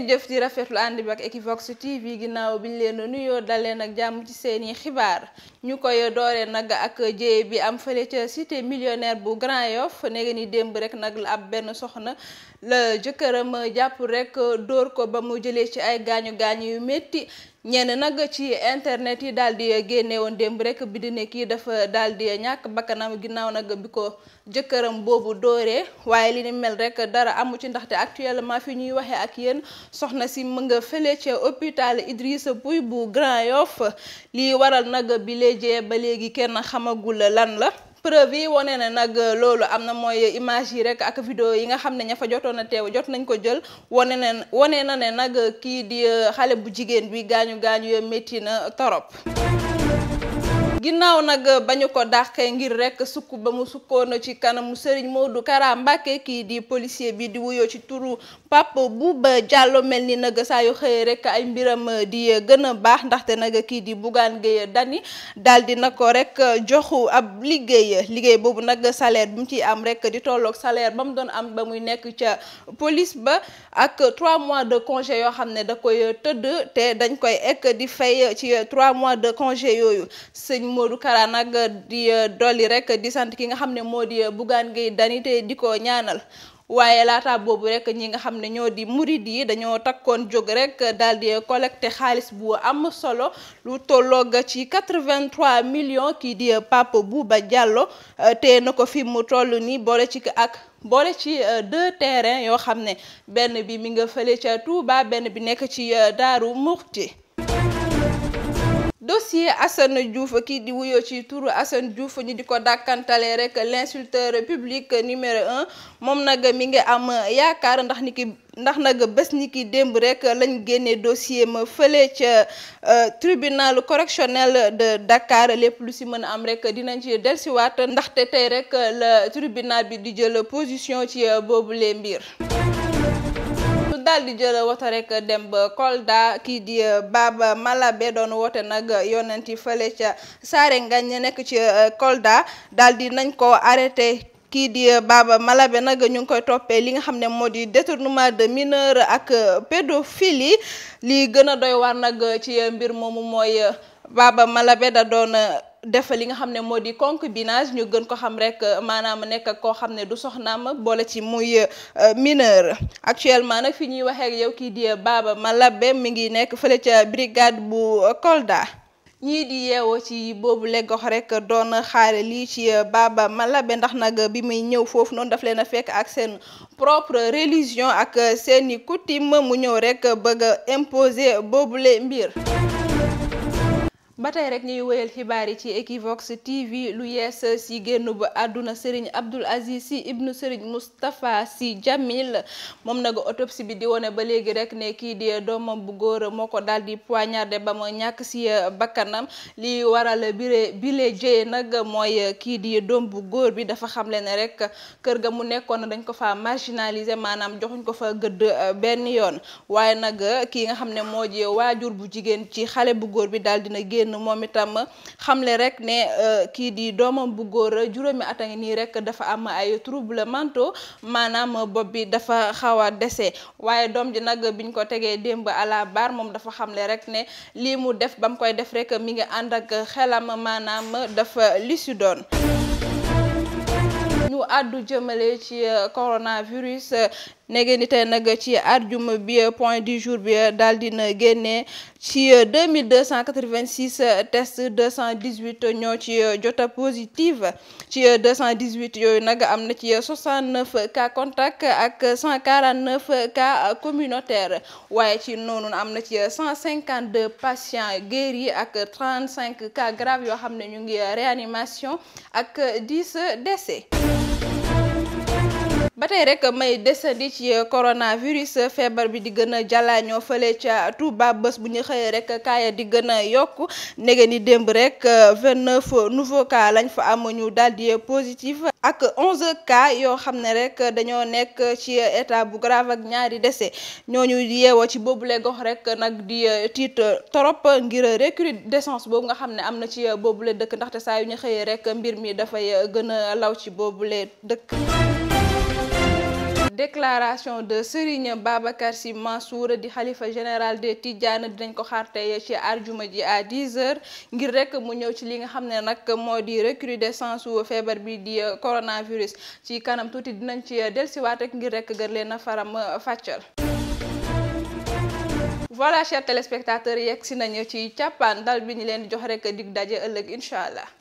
ngeen jëf di rafetlu ànd bi ak Equivox TV ginnaaw biñ leen nuyoo dal nag jàmm ci seeni xibaar ñu koy dooree nag ak jéye bi am fële ca cité millionnaire bu Grand Yoff neegi ni démb rek nag la ab benn soxna la jëkkëram jàpp rekk dóor ko ba mu jëlee ci ay gaañu gaañu yu métti ñenn nag ci internet yi daal di génne woon démb rek bi di ne kii dafa daal ñàkk bakkanam ginnaaw nag bi ko jëkkëram boobu dooree waaye li ni mel rek dara amu ci ndaxte actuellement fi ñuy waxee ak yéen soxna si mu nga fële ca hôpital Idrissa Pouye bu Grand Yoff lii waral nag bi léejee ba léegi kenn xamagul lan la preuve yi wane na nag euh, loolu am na mooy image yi rek ak vidéo yi nga xam ne ña fa jotoon a teew jot nañ ko jël wane na wane na ne nag euh, kii di euh, xale bu jigéen bi gaañu gaañu ya métti na torop ginnaaw nag bañu ko dàqee ngir rekk sukk ba mu sukkoon ci kanamu moo du Kara Mbacké kii di policier bi di wuyoo ci turu Pape Bouba Diallo mel ni nag saa yu xëyee rek ay mbiram eh, di eh, gën a baax ndaxte nag kii di Bougane Gueye Dany daal di na ko rek eh, joxu ab liggéey liggéey boobu nag salaire bi mu ciy am rek di tolloog salaire ba mu doon am ba muy nekk ca police ba ak 3 mois de congé yoo xam ne da koy tëdd te dañ koy ek di fay ci trois mois de congé yooyu sëñ Modou Kara nag di dolli rek di sant ki nga xam ne moo di Bougane Gueye Dany te di ko ñaanal. waaye laata boobu rek ñi nga xam ne ñoo di murid yi dañoo takkoon jóg rek daal di collecté xaalis bu am solo lu tolloo ga ci 83 millions kii di bu ba jàlloo téye na ko fi mu toll nii boole ci ak boole ci euh, deux terrains yoo xam ne benn bi mi nga fële ca Touba benn bi nekk ci euh, Daaru Muxti dossier Assane Diouf kii di wuyo ci turu Assane Diouf ñu di ko dàkkantale rek l'insulteur public numéro un moom nag mi ngi am yaakaar ndax ni ndax nag bés ni ki démb rek lañ génnee dossier ma fële ca euh, tribunal correctionnel de Dakar lépp lu si mën a am rek dinañ ci delsiwaat ndaxte tey rek la tribunal bi di jël position ci boobu euh, boobule mbir daal di jël woto rek dem ba Kolda kii di euh, Baba Malabe doon woote nag yonenti fële ca Saare Ngagne nekk ci euh, Kolda daal di nañ ko arrêté. kii di euh, Baba Malabe nag ñu ngi koy toppee li nga xam ne moo di détournement de mineur ak pédophilie li gën a doy waar nag ci mbir moomu mooy Baba Malabe da doon def li nga xam ne moo di konk binage ñu gën ko xam rek euh, maanaam nekk koo xam ne du soxnaam boole ci muy euh, mineur actuellement nag fi ñuy waxee yow kii di euh, Baba Malabe mi ngi nekk fële ca brigade bu Kolda. ñii di yeewoo ci boobu le gox rek doon xaare lii ci Baba Malabe ndax nag bi muy ñëw foofu noonu daf leen a fekk ak seen propre religion ak seeni coutume mu ñëw rek bëgg a imposer boobu le mbir. ba tey rek ñuy wéyal xibaar yi ci Equivox TV lu yees si génn bu àdduna Serigne Abdoul Aziz Sy ibnu Serigne Moustapha Sy Jamil moom nag autopsie bi di wone ba léegi rek ne kii di doomam bu góor moo ko daal di poignardé ba mu ñàkk si euh, bakkanam li waral bile bile jëye nag mooy euh, kii di doom bu góor bi dafa xamle ne rek kër ga mu nekkoon dañ ko fa marginalisé maanaam joxuñ ko fa gëdd euh, benn yoon waaye nag kii nga xam ne moo ji waajur bu jigéen ci xale bu góor bi daal dina génn. génn moom itam xamle rek ne euh, kii di doomam bu góor juróomi at a ngi nii rek dafa am ay trouble mentaux maanaam bopp bi dafa xaw a dese waaye doom ji nag biñ ko tegee démb à la barre moom dafa xamle rek ne lii mu def ba mu koy def rek mi ngi ànd ak xelam maanaam dafa li si doon ñu àddu jëmale ci euh, coronavirus nege ni tey nag ci àjjuma bi euh, point du jour bi euh, daal dina génne ci deux mille deux cent quatre-vingt-six tests deux cent dix-huit ñoo ci jota positive ci deux cent dix-huit yooyu nag am na ci soixante-neuf cas contact ak cent quarante-neuf cas communautaire waaye ci noonu am na ci cent cinquante-deux patients guéris ak trente-cinq cas graves yoo xam ne ñu ngi réanimation ak dix décès. ba tey rek may desandi ci euh, coronavirus feebar bi di gën a jàllaañoo fële ca Touba bés bu ñu xëyee rek kaaya di gën a yokk nege ni démb rek 29 euh, nouveau cas lañ fa am ñu daldi di positif ak 11 cas yoo xam ne rek dañoo nekk ci état bu grave ak ñaari décès ñooñu yeewoo ci boobule gox rek nag di euh, tiit torop ngir recrudescence boobu nga xam ne am na ci boobu boobule dëkk ndaxte saa yu ñu xëyee rek mbir mi dafay gën a law ci boobu boobule dëkk. déclaration de Serigne Babacar Sy Mansour di xalifa général des Tidjane dinañ ko xaar ci arjuma ji à 10 heure ngir rek mu ñëw ci li nga xam ne nag moo di recrudescence su feebar bi di coronavirus ci kanam tuuti dinañ ci dellusiwaat rek ngir rek gën leen a faram fàccal. voilà chers téléspectateurs yegg si nañu ci càppaan bi ñu leen di jox rek dig daje ëllëg incha allah.